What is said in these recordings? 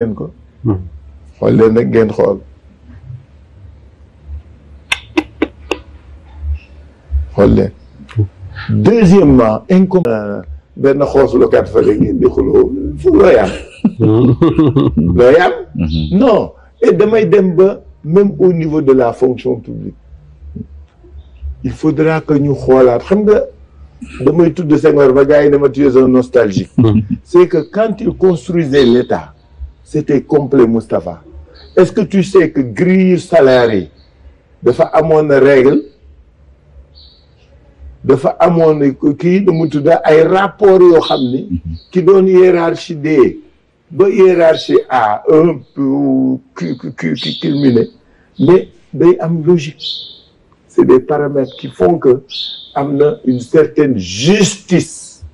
leen ko hmm. xool xool xool leen hmm. deuxièmement euh, benn xoos lokat fa la di xuloo fu loo yam loo et damay dem ba même au niveau de la fonction publique il faudra que ñu xoolaat xam nga damay tudd Senghor ba gars yi dama tuye un nostalgique hmm. c'est que quand il construisait l'État c'était complet Moustapha est-ce que tu sais que grille salaire yi dafa amoon règle dafa amoon kii nu mu tudd ay rapport yoo xam ni ki doon hiérarchie de ba hiérarchie à un qui culminé mais day am logique c'est des paramètres qui font que am na une certaine justice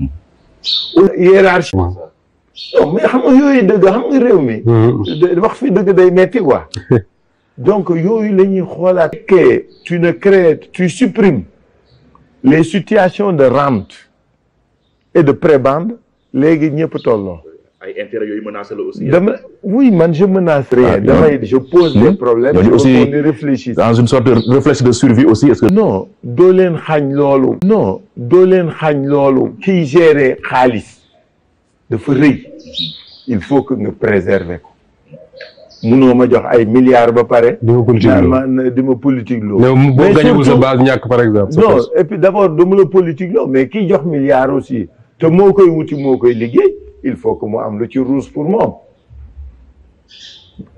non xam nga yooyu dëgg réew mi. Hmm. wax dëgg day metti quoi. donc yooyu la xoolaat. que tu ne crées tu supprimes les situations de rente et de prébende léegi ñëpp tolloo. ay intérêts yooyu menacé la aussi. dama oui man je menace rien. Ah, damay je pose des hmm. problèmes. il faut qu'on y réfléchisse dans une sorte de réflexe de survie aussi non doo leen xañ loolu. non doo leen xañ loolu. kiy gérer xaalis. dafa rëy il faut que nga préserver ko munoo ma jox ay milliards ba pare. di ma politique loo di ma politique loo. mais boo sa base ñàkk par exemple. non et puis d' abord du ma la politique loo mais kii jox milliards aussi te moo koy wuti moo koy liggéey il faut que mu am lu ci ruus pour moom.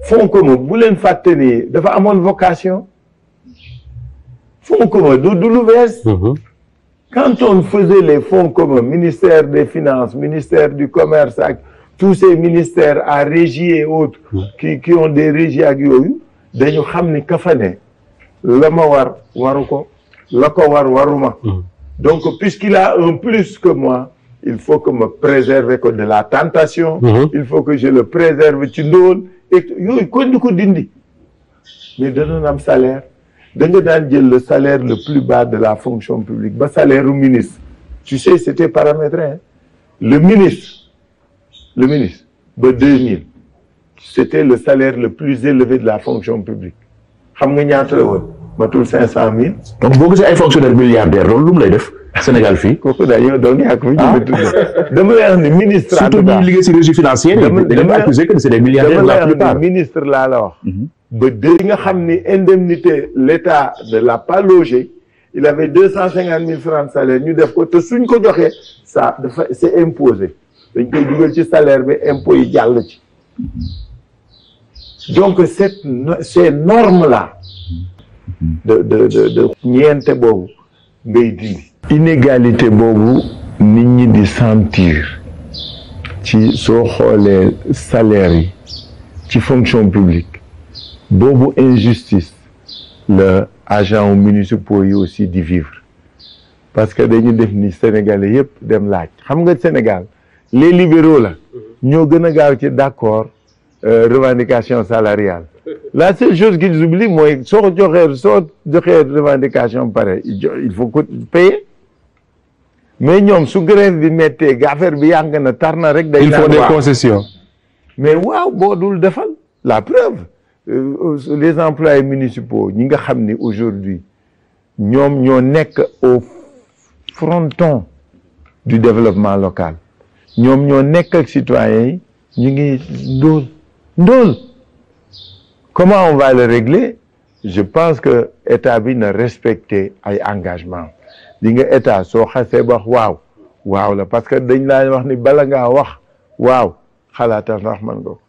fonds commun bu leen fàtte ni dafa amoon vocation fonds commun du du lu bees. Mhm. Quand on faisait les fonds communs, ministère des Finances, ministère du Commerce ak tous ces ministères à régie et autres qui ont des régies ak yooyu dañu xam ni ka fa ne war waru ko la ko war waruma hmm. donc puisqu'il a un plus que moi il faut que me préserver ko de la tentation hmm. il faut que je le préserve ci ndóol et yooyu kon du ko dindi mais danoon am salaire da nga daan jël le salaire le plus ba de la fonction publique ba salaire u ministre tu sais c'était paramétré hein? le ministre le ministre ba deux mille c'était le salaire le plus élevé de la fonction publique xam nga ñaata la woon matul cinq cent mille donc boo gisee ay fonctionnaire milliardaire loolu lu mu lay def Sénégal fii kooku daal yow donc yaa ko fi jëlee tudd dama lay wax ni ministre la la wax ba deux nga xam ni indemnité l'État de l'a pas logé il avait deux cent cinquante mille francs salaire ñu def ko te suñ ko joxee sa dafa c'est imposé dañ koy dugal ci salaire bi impôt yi jàll ci donc cette ces normes là de de de de ñeente boobu ngay dindi inégalité boobu nit ñi di sentir ci soo xoolee salaire yi ci fonction publique boobu injustice la agents municipaux yi aussi di vivre parce que dañu def ni sénégalais yëpp dem laaj xam nga Sénégal les libéraux la ñoo gën a gaaw ci d'accord euh, revendication salarial la seule chose qu'ils oublient mooy soo joxee soo joxee revendication pare il faut que payer mais ñoom su grève bi méttee affaire bi yàgg na tar na rek. day il faut des concessions. mais waaw boo dul defal la preuve. Euh, euh, les employés municipaux ñi nga xam ne aujourd'hui ñoom ñoo nekk au fronton du développement local ñoom ñoo nekk ak citoyens yi ñu ngi ndóol ndóol comment on va le régler je pense que état bi na respecter ay engagement li nga état soo xasee wax waaw waaw la parce que dañ laa wax ni bala ngaa wax waaw xalaatal ndax mën nga ko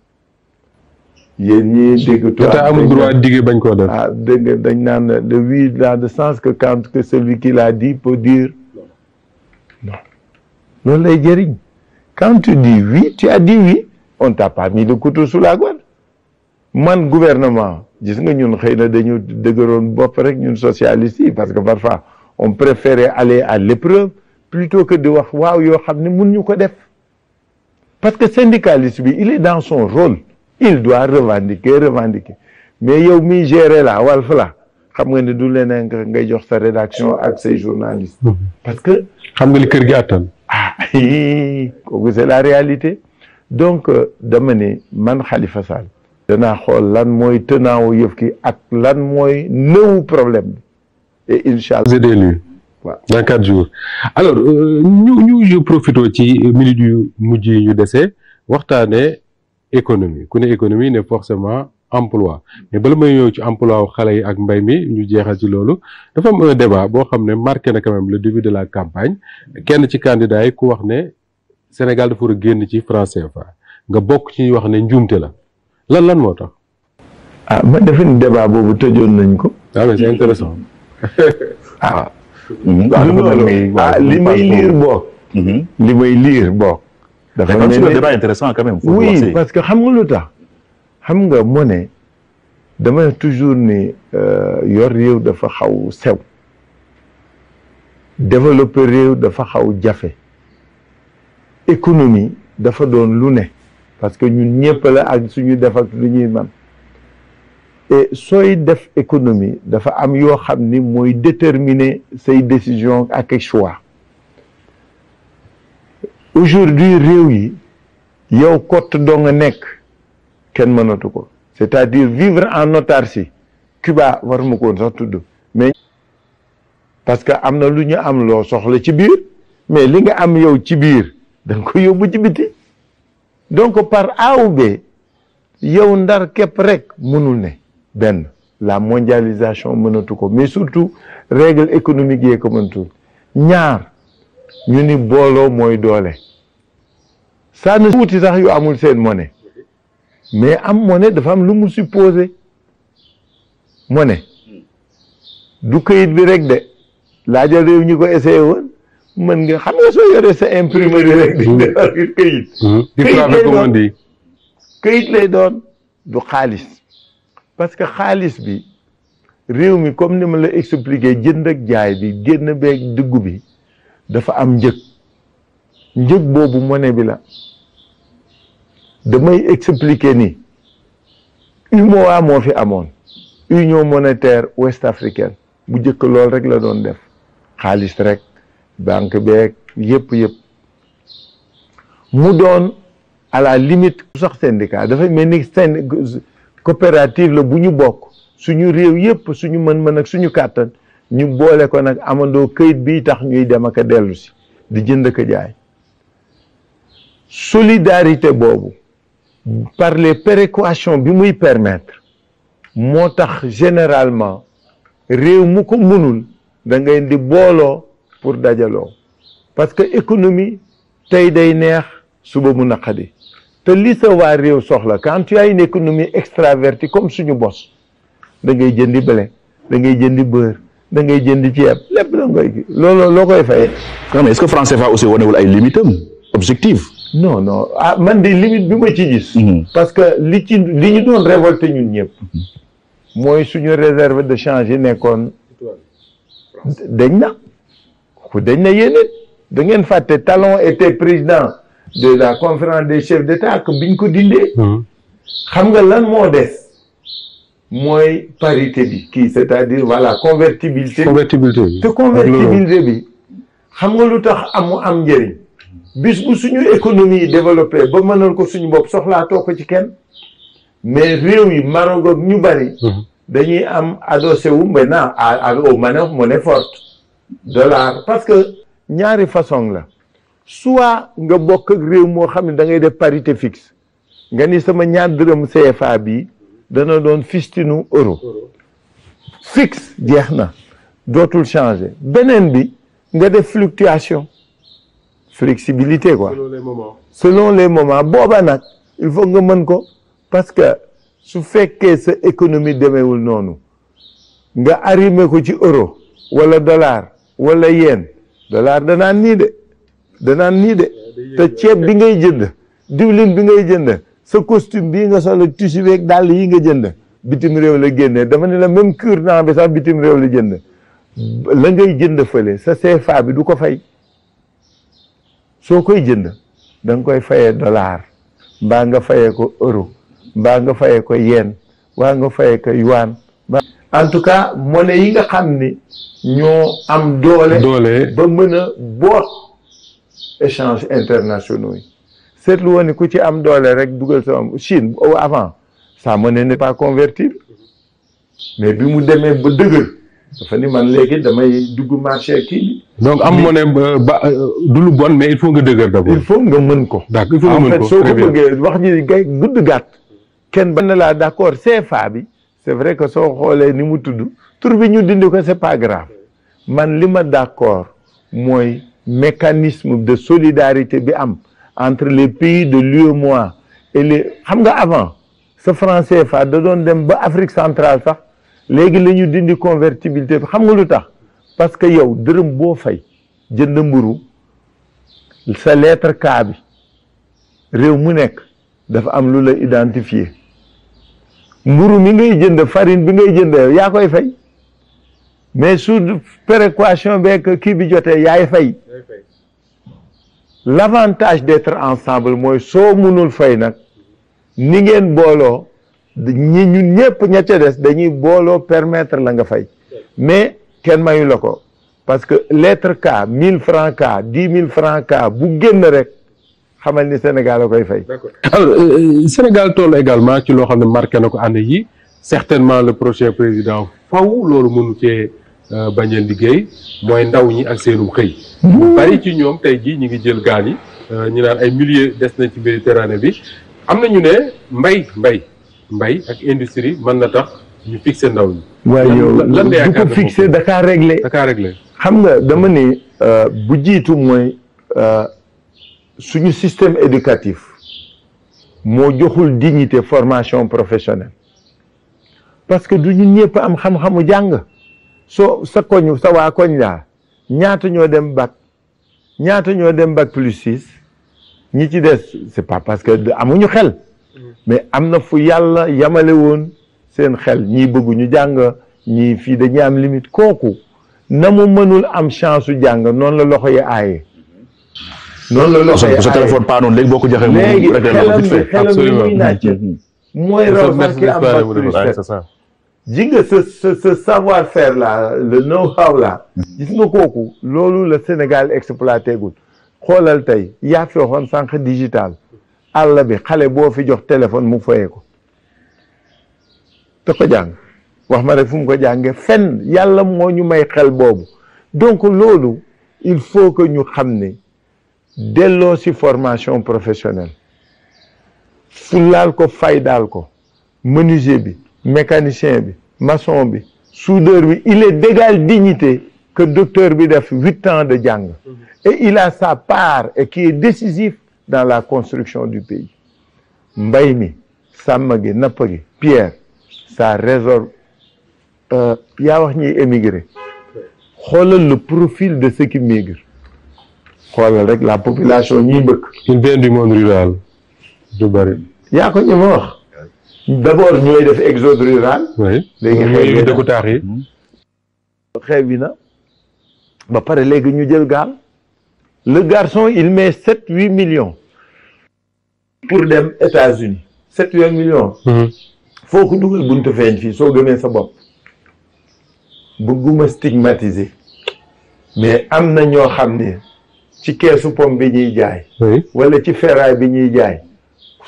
yéen ñii dégg. tout amul droit bañ koo def ah dégg dañ naan le oui dans de sens que quand que celui qui l'a dit peut dire non. loolu lay jëriñ quand tu dis oui tu as dit oui on t'a pas mis le couteau sous la gorge man gouvernement gis nga ñun xëy na dañu dëgëroon bopp rek ñun socialiste yi parce que parfois on préférait aller à l'épreuve plutôt que de wax waaw yoo xam ni mun ñu ko def parce que syndicaliste bi il est dans son rôle. il doit revendiquer revendiquer mais yow miy gérer la Walf la xam nga ne du leneen nga ngay jox sa rédaction ak say journalistes. Mhm. parce que xam nga li kër gi àttan. ah kooku c'est la réalité donc euh, dama man Khalifa Sall danaa xool lan mooy tenaawu yëf ki ak lan mooy nëwu problème bi et incha allah. vous waaw alors euh, ñu profito ci minutes yu mujj yi ñu dese waxtaanee. économie ku ne économie ne forcément emploi mais bala may ñëw ci emploi wu xale yi ak mbay mi ñu jeexal ci loolu dafa am un boo xam ne marqué na quand même le début de la campagne kenn ci candidat yi ku wax ne Sénégal dafa war a génn ci franc CFA nga bokk ci wax ne njuumte la lan lan moo tax. ah ma defe ni boobu tëjoon nañ ko. waaw mais c'est intéressant. ah li may liir boo li may liir boo dafa mel ni débat intéressant quand même. oui parce que xam nga lu tax xam nga moo ne dama toujours ni euh, yor réew dafa xaw sew développer réew dafa xaw jafe économie dafa doon lu ne parce que ñun ñëpp ak suñu def ak lu ñuy man et sooy def économie dafa am yoo xam ni mooy déterminer sey décision ak choix. aujourd'hui réew yi yow kott doo nekk kenn mënatu ko c'est-à-dire vivre en autarcie Cuba war ma koon sax tudd mais parce que am na lu ñu am loo soxla ci biir mais li nga am yow ci biir da nga ko yóbbu ci biti donc par A ou yow ndar képp rek mënul ne benn la mondialisation mënatu ko mais surtout règle économique yee ko mënatul ñaar ñu ni booloo mooy doole saa na sax yu amul seen mone mais am mone dafa am lu mu supposé mone du këyit bi rek de laajal réew ñi ko essayé woon mën nga xam nga soo yoree sa imprimerie rek di mmh. defar këyit mmh. këyit këyit lay doon du xaalis parce que xaalis bi réew mi comme ni ma la expliquer jënd ak jaay bi génn beeg dugg bi dafa am njëg njëg boobu monnaie bi la damay expliquer ni UMOA moo fi amoon union monétaire ouest africaine bu njëkk lool rek la doon def xaalis rek banque beeg yëpp yëpp mu doon à la limite sax syndicat dafay mel ni coopérative la bu ñu bokk suñu réew yëpp suñu mën-mën ak suñu kàttan ñu boole ko nag amandoo këyit bi tax ñuy dem ak dellusi di jënd ak solidarité boobu par les péréquations bi muy permettre moo tax généralement réew mu ko mënul da ngay di booloo pour dajaloo parce que économie tey day neex suba mu naqadi te li sa waa réew soxla quand tu as une économie extravertie comme suñu bos da ngay jëndi blé da ngay jëndi beurre da ngay jëndi ceeb lépp da ngay looloo loo koy fayee. non mais est-ce que France CFA aussi wanewul ay limitam objectif non non ah man di limite bi ma ci gis. Mhm. parce que li ci li ñu doon révolté ñu ñëpp. Mhm. mooy suñu réserve de change yi nekkoon. dañ na ku dañ na yéen it da ngeen fàtte Talon était président de la conférence des chefs d'État que biñ ko dindee. Mhm. xam nga lan moo des. mooy parité bi kii c'est-à-dire voilà convertibilité. convertibilité bi te convertibilité bi. xam nga lu tax amu am njëriñ. bis bu suñu économie développé ba mënal ko suñu bopp soxlaatoo ko ci kenn mais réew yi marogoog ñu bari mhm. dañuy am adossé wu maintenant à au manœuvre monnaie forte dollar parce que ñaari façon la soit nga bokk ak réew moo xam ne dangay def parité fixe nga ni sama ñaar dërëm CFA bi dana doon fistinu euro fix jeex na dootul changer beneen bi nga def fluctuation flexibilité quoi selon les moments selon les moments booba nag il faut nga mën ko parce que su fekkee sa économie demeewul noonu nga arrimer ko ci euro wala dollar wala yen dollar danaan nii de danaan nii de te ceeb bi ngay jënd diwlin bi ngay jënd sa costume bii nga solo tissu beeg dàll yi nga jënd bitim réew la génnee dama ne la même cure-dent bi sax bitim réew la jënd la ngay jënd fële sa CFA bi du ko fay soo koy jënd da koy fayee dollar baa nga fayee ko euro mbaa nga fayee ko yen mbaa nga fayee ko yuan en tout cas monnaie yi nga xam ni ñoo am doole doole ba mën a boot échange internationaux yi seetlu woon ni ku ci am doole rek dugal sama Chine au avant sa monnaie ne pas convertible mais bi mu demee ba dëgër dafa ni man léegi damay dugg marché kii bi. donc am moo ne ba euh, du lu bon mais il faut nga dëgër d'abord. il faut nga mën ko. d'accord il faut nga mën soo ko bëggee wax ji gay gudd gàtt. kenn ban laa d'accord CFA bi. c'est vrai que soo xoolee ni mu tudd tur bi ñu dindi ko c'est pas grave man li ma d'accord mooy mécanisme de solidarité bi am entre les pays de l'UEMOA et les xam nga avant sa franc CFA da doon dem ba Afrique centrale sax. léegi la ñu dindi convertibilité bi xam nga lu tax parce que yow dërëm boo fay jënd mburu sa lettre K bi réew mu nekk dafa am lu la identifié mburu mi ngay jënd farine bi ngay jënd yaa koy fay mais su péréquation beeg kii bi jotee yaay fay l'avantage d'être ensemble mooy soo mënul fay nag ni ngeen booloo ñi ñun ñëpp ña ca des dañuy booloo permettre la nga fay mais kenn mayu la ko parce que lettre K mille francs K dix mille francs K bu génn rek xamal ni Sénégal a koy fay. d'accord euh, euh, Sénégal toll également ci loo xam ne marqué na ko année yi certainement le prochain président faw loolu mënu cee euh, bañ a liggéey mooy ndaw ñi ak seenum xëy. Mmh. bari ci ñoom tey jii ñu ngi jël gaal yi ñu naan ay millier des na ci Méditerranée bi am na ñu ne mbay mbay. mbay ak industrie mën na tax ñu fixé ndaw ñi. waaye yow bu ko fixé da kaa réglé xam nga dama ni euh, bu jiitu mooy euh, suñu système éducatif moo joxul dignité formation professionnelle parce que du ñun ñëpp am xam-xamu jàng soo sa koñ sa waa koñ laa ñaata ñoo dem bac ñaata ñoo dem bac plus six ñi ci des c'est pas parce que amuñu xel. mais am na fu yàlla yamale woon seen xel ñii bëgg ñu jàng ñii fii dañu am limite kooku na mu mënul am chance su jàng noonu la loxo yi aaye. noonu la loxo yi aaye sa téléphone paanoon léegi boo ko joxee. léegi mm-hmm. nga la le mm-hmm. kooku loolu la Sénégal exploité gul xoolal tey yaa fi waxoon sànq digital. àll bi xale boo fi jox téléphone mu foye ko te ko jàng wax ma rek fu mu ko jàngee fenn yàlla moo ñu may xel boobu donc loolu il faut que ñu xam ne delloo si formation professionnelle fulaal ko faydaal ko menuisier bi mécanicien bi mason bi soudeur bi il est d'égale dignité que docteur bi def huit ans de jàng mm-hmm. et il a sa part et qui est décisif dans la construction du pays mbay mi sàmm gi napp gi Pierre ça résorbe euh, yaa wax ñuy émigré xoolal le profil de ceux qui migrent xoolal rek la population ñi bëgg. il vient du monde rural bari. yaa ko ñu ma wax. d'abord ñooy def exode rural. léegi xew na ba pare léegi ñu jël gaal. le garçon il met sept huit millions pour dem États-Unis sept huit millions mhm. foo ko dugal buntu feeñ fii soo gëmee sa bopp bëgguma stigmatiser mais am na ñoo xam ne ci keesu pomme bi ñuy jaay wala ci feeraay bi ñuy jaay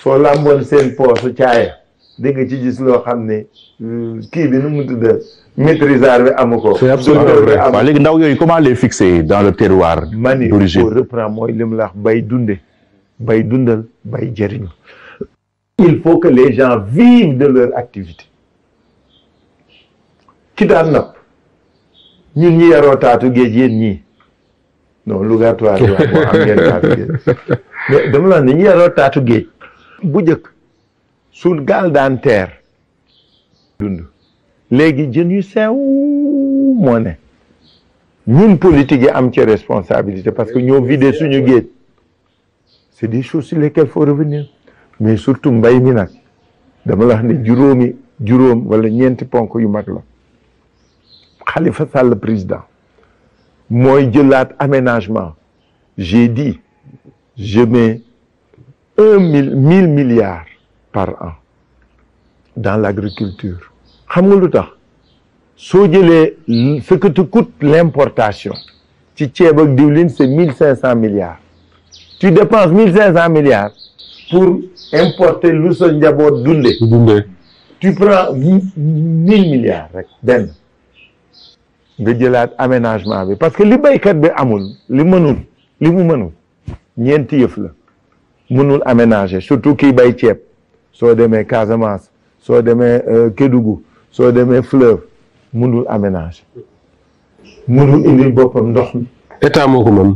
soo làmboon seen poosu caaya di nga ci gis loo xam ne euh, kii bi nu mu tudd maîtrisard bi amu ko. c'est absolument waaw ndaw yooyu comment les fixer dans le terroir. d'origine man il mooy li mu la wax bay dunde bay dundal bay jëriñu. il faut que les gens vivent de leur activité. ki daan napp ñun ñi yaroo taatu géej yéen ñii non la ne ñi yaroo taatu géej bu njëkk su gaal daan teer léegi jën yu sew moo ne ñun politique yi am ci responsabilité parce que ñoo vidé suñu géej c'est des choses sur lesquelles faut revenir mais surtout mbay mi nag dama la wax juróomi juróom wala ñeenti ponk yu mag la Khalifa Sall président mooy jëlaat aménagement j'ai dit je mets un mille mille milliards par an dans l'agriculture xam nga lu tax soo jëlee ce que te coûte l'importation ci ceeb ak diwlin c'est mille cinq cent milliards tu dépenses mille cinq cent milliards pour importer lu sa njaboot dunde dunde tu prends mille milliards rek benn nga jëlaat aménagement bi parce que li béykat bi amul li mënul li mu mënul ñeenti yëf la mënul aménager surtout kii bay ceeb soo demee Casamance soo demee euh, Kédougou soo demee fleuve mënul aménager mënul indil boppam ndox mi état moo ko moom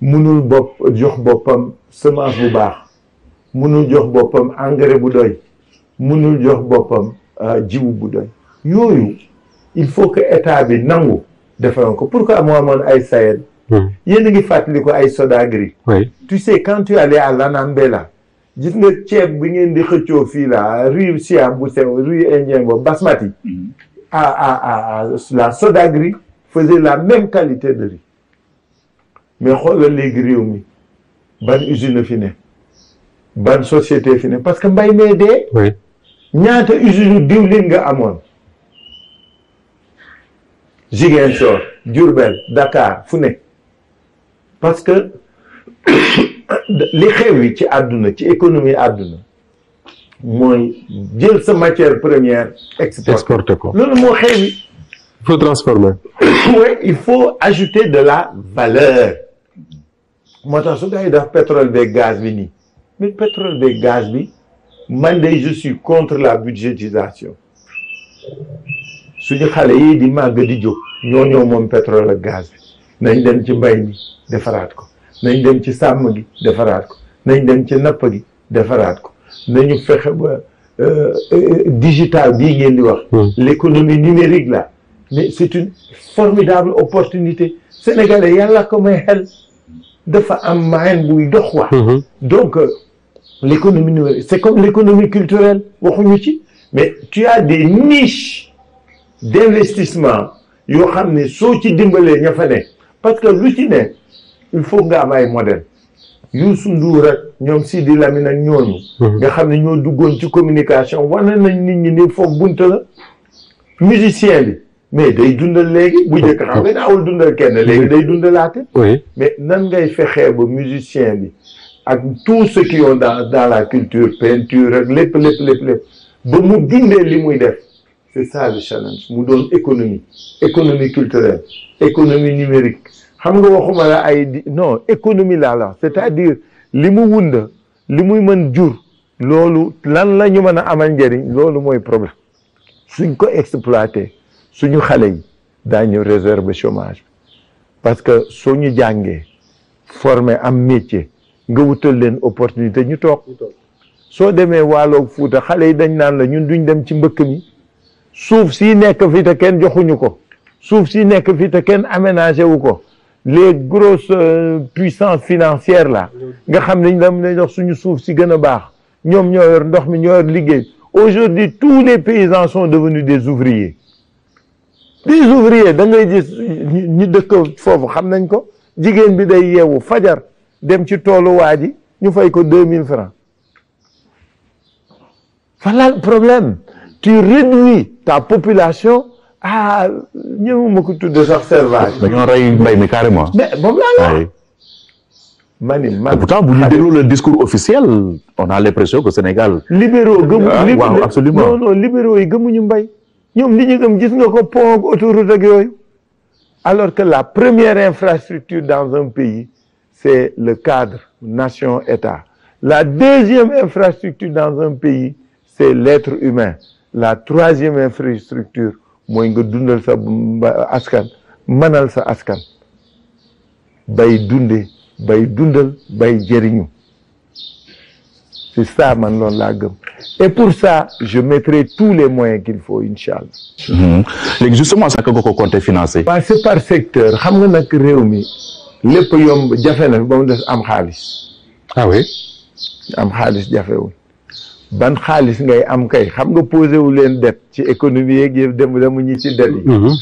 mënul bopp jox boppam semence bu baax mënul jox boppam engrais bu doy mënul jox boppam euh, jiw bu doy yooyu il faut que état bi nangu defaroon ko pourquoi moo amoon ay Sahel hmm. yéen a ngi fàttali ko ay Soda Agri tu sais quand tu allais à l'Anambela gis nga ceeb bi ngeen di xëccoo fii la riz siam bu sew riz indien boobu basmati. Mm-hmm. Ah, ah, ah, la Sodagri faisait la même qualité de riz mais xoolal léegi réew mi ban usine fi ban société fi ne parce que mbay mee dee. oui ñaata usine diwlin nga amoon. Ziguinchor Diourbel Dakar fu ne li xew yi ci àdduna ci économie àdduna mooy jël sa matière première exporter ko loolu moo xew yi il faut transformer de la valeur moo tax su gars yi def pétrole beeg gaz bi nii mais pétrole beeg gaz bi man de je suis contre la budgétisation suñu xale yi di màgg di jo ñoo ñoo moom pétrole ak gaz bi nañ dem ci mbay mi defaraat ko nañ dem ci sàmm gi defaraat ko nañ dem ci napp gi defaraat ko nañu fexe ba euh, euh, digital bii ngeen di wax hmm. l'économie numérique là mais c'est une formidable opportunité sénégalais yàlla ko may xel dafa am moyen buy dox wax hmm. donc euh, l'économie numérique c'est comme l'économie culturelle waxuñu ci mais tu as des niches d'investissement yoo xam ne soo ci dimbalee ña fa ne parce que lu ci ne il faut nga am ay modèle Youssou Ndour rek ñoom Sidi Lamine ak ñooñu mhm. nga xam ne ñoo duggoon ci communication wane nañ nit ñi ni foofu bunta la musicien bi mais day dundal léegi bu njëkk xam nga daawul dundal kenn mhm. léegi day dundalaate mais nan ngay fexee ba musicien bi ak tout ce qui ont dans dans la culture peinture ak lépp lépp lépp ba mu dundee li muy def c'est ça le challenge mu doon économie économie culturelle économie numérique xam nga waxuma la ay di non économie laa la c'est-à-dire li mu wunda li muy mën jur loolu lan la ñu mën a amal njëriñ loolu mooy problème suñ ko exploité suñu xale yi daañu réserve chomage parce que soo ñu jàngee formé am métier nga wutal leen opportunité ñu toog soo demee waaloog fuuta xale yi dañ naan la ñun duñ dem ci mbëkk mi suuf si nekk fii te kenn joxuñu ko suuf si nekk fii te kenn aménagé wu ko les grosses euh, puissances financière la nga xam ne dañ lay jox suñu suuf si gën a baax ñoom ñoo yor ndox mi ñoo yor liggéey aujourd'hui tous les paysans sont devenus des ouvriers des ouvriers da ngay gis ñu dëkk foofu xam nañ ko jigéen bi day yeewu fajar dem ci toolu waa ji ñu fay ko deux mille francs voilà le problème tu réduis ta population ah ñëw ma ko tudd sax servage. dañoo rey mbay mi carrément. mais boobu laa la ma ni man pourtant bu ñu déglu le discours officiel on a l'impression que Sénégal. libéraux gëmu ah, waaw absolument non non libéraux yi gëmuñu mbay. ñoom li ñu gëm gis nga ko pont ak autoroute ak yooyu. alors que la première infrastructure dans un pays c'est le cadre nation état la deuxième infrastructure dans un pays c'est l'être humain la troisième infrastructure mooy nga dundal sa askan manal sa askan bay dunde bay dundal bay jëriñu c'est sa man loolu laa gëm et pour sa je mettrai tous les moyens qu'il faut incha allah. Mhm. léegi justement sax nga ko compté financé. waaw c'est par secteur xam nga nag réew mi lépp yom jafe na ba mu des am xaalis. ah oui. am xaalis jafewul ban xaalis ngay am kay xam nga posé wu leen dette ci économie yeeg yëpp dem demu ñi ci dette yi mhm. Mhm.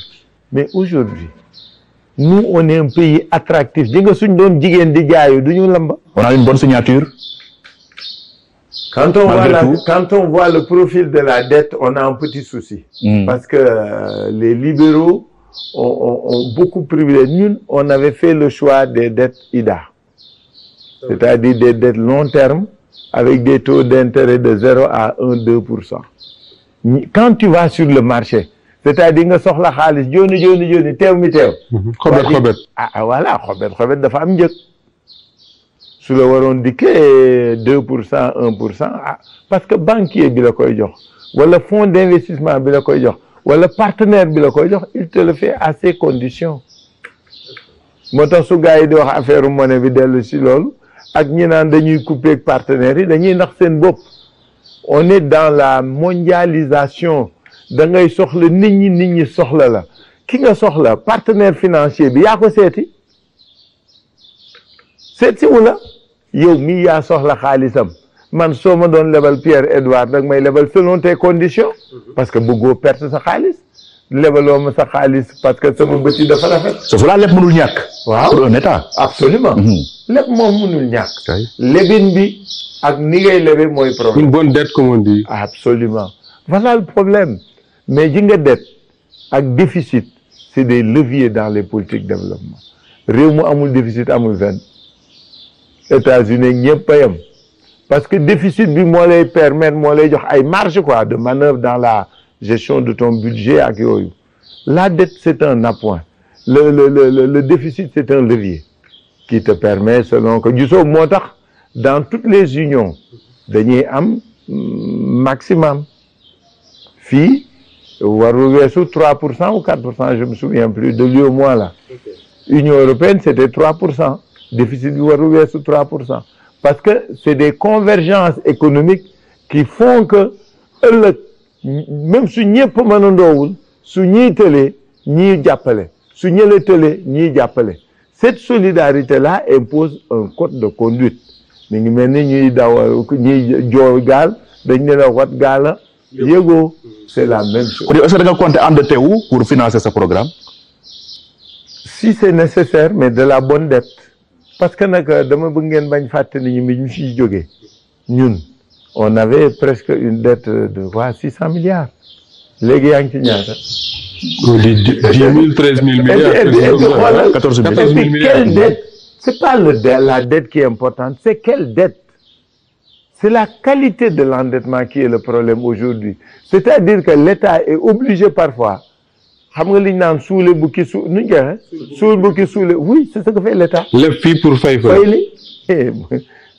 mais aujourd'hui nous on est un pays attractif ji nga suñ doon jigéen di jaayu du ñu lamba on a une bonne signature quand on voit le profil de la dette on a un petit souci mm. parce que euh, les libéraux ont, ont, ont beaucoup privilégié ñun on avait fait le choix des dettes IDA ah c'est-à-dire des dettes long terme avec des taux d'intérêt de 0 à 1 2 pour cent quand tu sur le marché c'est-à-dire nga soxla xaalis jooni jooni jooni teew mi teew mhm. xobet xobet ah, ah voilà xobet xobet dafa am njëg su la waroon dikkee deux pour cent un pour cent ah parce que banquier koy jox wala fonds d'investissement bi la koy jox wala partenaire bi la koy jox il te le fait à ses conditions moo tax su gars yi di wax affaire monnaie bi dellu si loolu ak ñi naan dañuy couper ak partenaires yi dañuy nax seen bopp on est dans la mondialisation da ngay soxla nit ñi nit ñi soxla la ki nga soxla partenaire financier bi yaa ko seeti seet si wula yow mii yaa soxla xaalisam man soo ma doon lebal Pierre Edouard nag may lebal selon tes conditions mm-hmm. parce que bëggoo perte sa xaalis lebaloo ma sa xaalis parce que sama bët yi dafa rafet. sauf là lépp mënul ñàkk. waaw pour un état. absolument mhm. lépp moom mënul ñàkk. lebin bi ak ni ngay lebe mooy problème. une bonne dette comme on dit. absolument voilà le problème mais ji nga dette ak déficit c' est des leviers dans les politiques de développement réew mu amul déficit amul fenn États-Unis ñëpp a yem parce que déficit bi moo lay permettre moo lay jox ay marge quoi de manœuvre dans la. gestion de ton budget ak la dette c'est un appoint le le le le déficit c'est un levier qui te permet selon que gisoo moo tax dans toutes les unions dañuy am maximum fii waru weesu trois pour cent ou quatre cent je me souviens plus de lieu moi là union européenne c'était trois pour cent déficit bi waru weesu trois pour cent parce que c'est des convergences économiques qui font que même su a mënandoowul su ñii tëlee ñii jàppale su ñële tëlee ñii jàppale cette solidarité là impose un code de conduite mu ngi mel ni ñuy dawal ñuy joor gaal dañ ne la wat gaala yëgoo c'est la même chose. est-ce que da nga compter pour financer ce programme. si c'est nécessaire mais de la bonne dette parce que nag dama bëgg ngeen bañ fàtte ni ñu mi ñu fiy jógee ñun. on avait presque une dette de milliards léegi yaa ngi ci ñaata. di euh, dix eh eh mille milliards. quatorze milliards c'est pas la dette qui est importante c'est quelle dette c'est la qualité de l'endettement qui est le problème aujourd'hui c'est-à-dire que l'État est obligé parfois xam nga li ñu naan suule bu ki su bu ki suule oui c'est ce que fait l'État. lef fii pour fay fa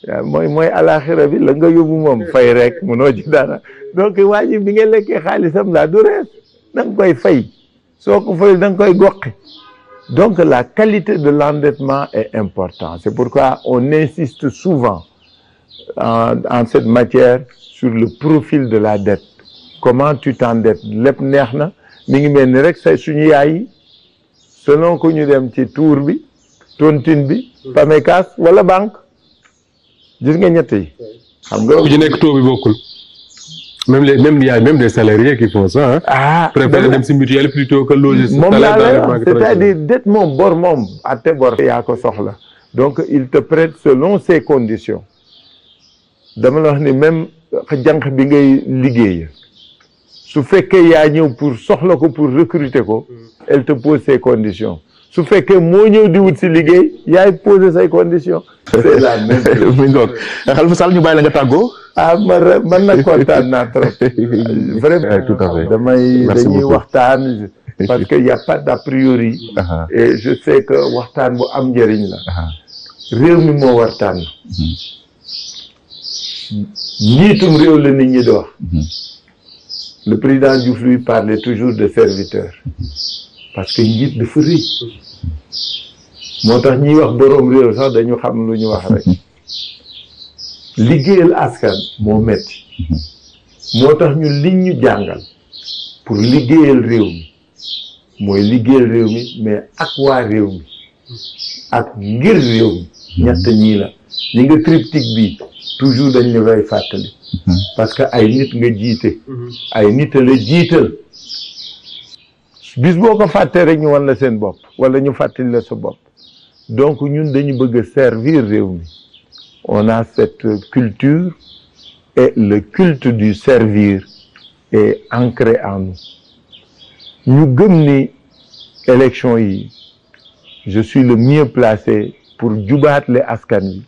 mooy mooy mooy alaxira bi la nga yóbbu moom fay rek munoo ci dara donc waa ji bi nga lekkee xaalisam laa du rees da koy fay soo ko fayul da koy goqi donc la qualité de l'endettement est importante c'est pourquoi on insiste souvent en, en cette matière sur le profil de la dette comment tu t'endettes lépp neex na mi ngi mel ni rek say suñu yaay yi selon ku ñu dem ci tour bi tontine bi hmm. PAMECAS wala banque gis nga ñett xam nga bu ci nekk taux bi bokkul. même les même y a même des salariés qui font ça ah. préfère dem si mutuelle plutôt que loger. moom laa lay ko soxla donc il te prête selon ses dama la wax ni même jànq bi ngay liggéey su fekkee yaa ñëw pour soxla ko pour recruter ko. elle te pose ses conditions. su fekkee moo ñëw di wut si liggéey yaay posé say condition c'est la même mi ngoog Khalifa Sall ñu bàyyi la nga tàggoo ah man man nag kontaan naa trop vraiment tout damay dañuy uh-huh. waxtaan bu am njëriñ la uh-huh. réew moo war mm-hmm. njiitum réew la nit ñi di mm-hmm. le président Diouf lui parlait toujours de serviteur mm-hmm. parce que njiit dafa rëy moo tax ñuy wax boroom réew sax dañu xam lu ñu wax rek liggéeyal askan moo metti moo tax ñu liñ ñu jàngal pour liggéeyal réew mi mooy liggéeyal réew mi mais ak waa réew mi ak ngir réew mi ñett ñii la ñi nga triptyque bi toujours dañ la koy fàttali mm-hmm. parce que ay nit nga jiite mm-hmm. ay nit la jiital bis boo ko fàttee ñu wan seen bopp wala ñu fàttali la sa bopp donc ñun dañu bëgg a servir réew mi on a cette culture et le culte du servir est ancré en nous ñu gëm ni élection yi je suis le mieux placé pour jubaatle askan wi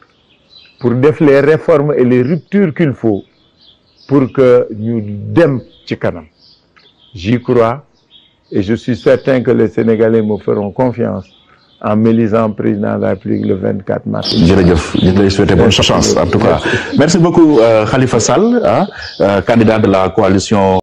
pour def les réformes et les ruptures qu'il faut pour que ñu dem ci kanam j'y crois Et je suis certain que les Sénégalais me feront en m'élisant président la République le 24 mars. jërëjëf ñu ngi lay souhaiter bonne chance en tout cas merci beaucoup euh, Khalifa Sall ah candidat de la coalition.